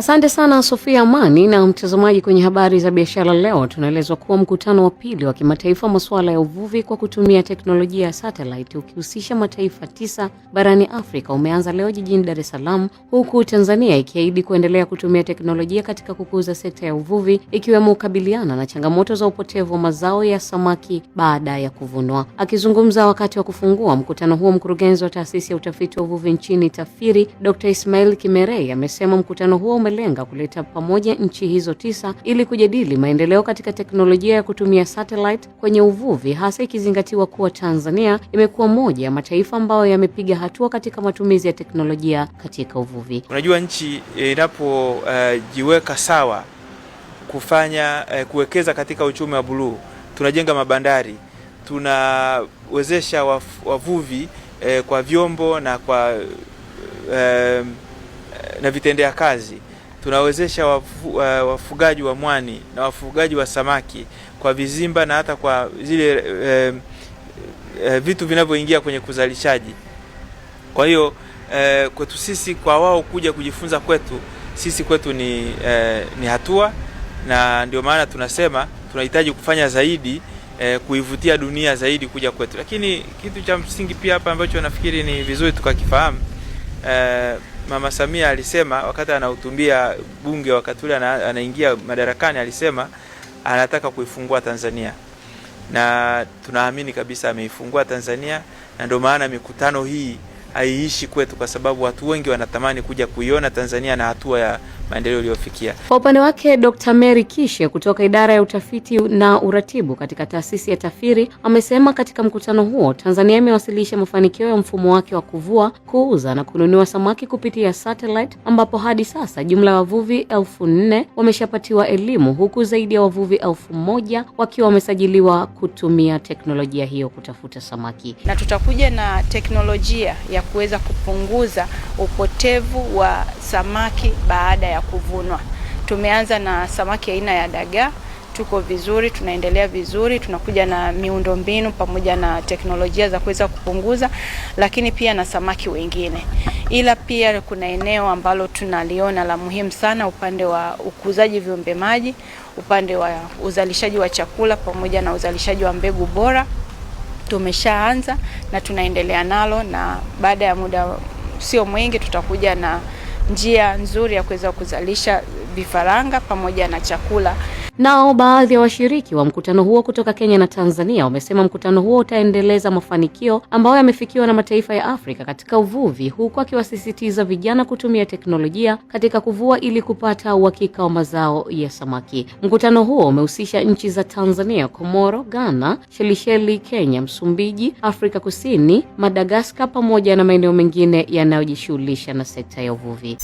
Asante sana Sofia Amani. Na mtazamaji, kwenye habari za biashara leo, tunaelezwa kuwa mkutano wa pili wa kimataifa masuala ya uvuvi kwa kutumia teknolojia ya satellite ukihusisha mataifa tisa barani Afrika umeanza leo jijini Dar es Salaam, huku Tanzania ikiahidi kuendelea kutumia teknolojia katika kukuza sekta ya uvuvi, ikiwemo kukabiliana na changamoto za upotevu wa mazao ya samaki baada ya kuvunwa. Akizungumza wakati wa kufungua mkutano huo, mkurugenzi wa taasisi ya utafiti wa uvuvi nchini TAFIRI Dr. Ismail Kimerei amesema mkutano huo umelenga kuleta pamoja nchi hizo tisa ili kujadili maendeleo katika teknolojia ya kutumia satellite kwenye uvuvi, hasa ikizingatiwa kuwa Tanzania imekuwa moja ya mataifa ambayo yamepiga hatua katika matumizi ya teknolojia katika uvuvi. Unajua, nchi inapojiweka uh, sawa kufanya uh, kuwekeza katika uchumi wa buluu, tunajenga mabandari, tunawezesha wavuvi uh, kwa vyombo na kwa uh, na vitendea kazi tunawezesha wafu, uh, wafugaji wa mwani na wafugaji wa samaki kwa vizimba na hata kwa zile uh, uh, vitu vinavyoingia kwenye kuzalishaji. Kwa hiyo uh, kwetu sisi kwa wao kuja kujifunza kwetu sisi kwetu ni, uh, ni hatua na ndio maana tunasema tunahitaji kufanya zaidi e, kuivutia dunia zaidi kuja kwetu. Lakini kitu cha msingi pia hapa ambacho nafikiri ni vizuri tukakifahamu e, Mama Samia alisema wakati anahutubia bunge, wakati ule anaingia madarakani, alisema anataka kuifungua Tanzania na tunaamini kabisa ameifungua Tanzania, na ndio maana mikutano hii haiishi kwetu, kwa sababu watu wengi wanatamani kuja kuiona Tanzania na hatua ya maendeleo uliyofikia. Kwa upande wake, Dr. Mary Kishe kutoka idara ya utafiti na uratibu katika taasisi ya TAFIRI amesema katika mkutano huo Tanzania imewasilisha mafanikio ya mfumo wake wa kuvua, kuuza na kununua samaki kupitia satellite, ambapo hadi sasa jumla ya wavuvi elfu nne wameshapatiwa elimu huku zaidi ya wavuvi elfu moja wakiwa wamesajiliwa kutumia teknolojia hiyo kutafuta samaki, na tutakuja na teknolojia ya kuweza kupunguza upotevu wa samaki baada ya kuvunwa. Tumeanza na samaki aina ya dagaa, tuko vizuri, tunaendelea vizuri. Tunakuja na miundombinu pamoja na teknolojia za kuweza kupunguza, lakini pia na samaki wengine. Ila pia kuna eneo ambalo tunaliona la muhimu sana, upande wa ukuzaji viumbe maji, upande wa uzalishaji wa chakula pamoja na uzalishaji wa mbegu bora tumeshaanza na tunaendelea nalo, na baada ya muda sio mwingi, tutakuja na njia nzuri ya kuweza kuzalisha vifaranga pamoja na chakula. Nao baadhi ya washiriki wa mkutano huo kutoka Kenya na Tanzania wamesema mkutano huo utaendeleza mafanikio ambayo yamefikiwa na mataifa ya Afrika katika uvuvi, huku akiwasisitiza vijana kutumia teknolojia katika kuvua ili kupata uhakika wa mazao ya samaki. Mkutano huo umehusisha nchi za Tanzania, Komoro, Ghana, Shelisheli, Kenya, Msumbiji, Afrika Kusini, Madagaskar pamoja na maeneo mengine yanayojishughulisha na sekta ya uvuvi.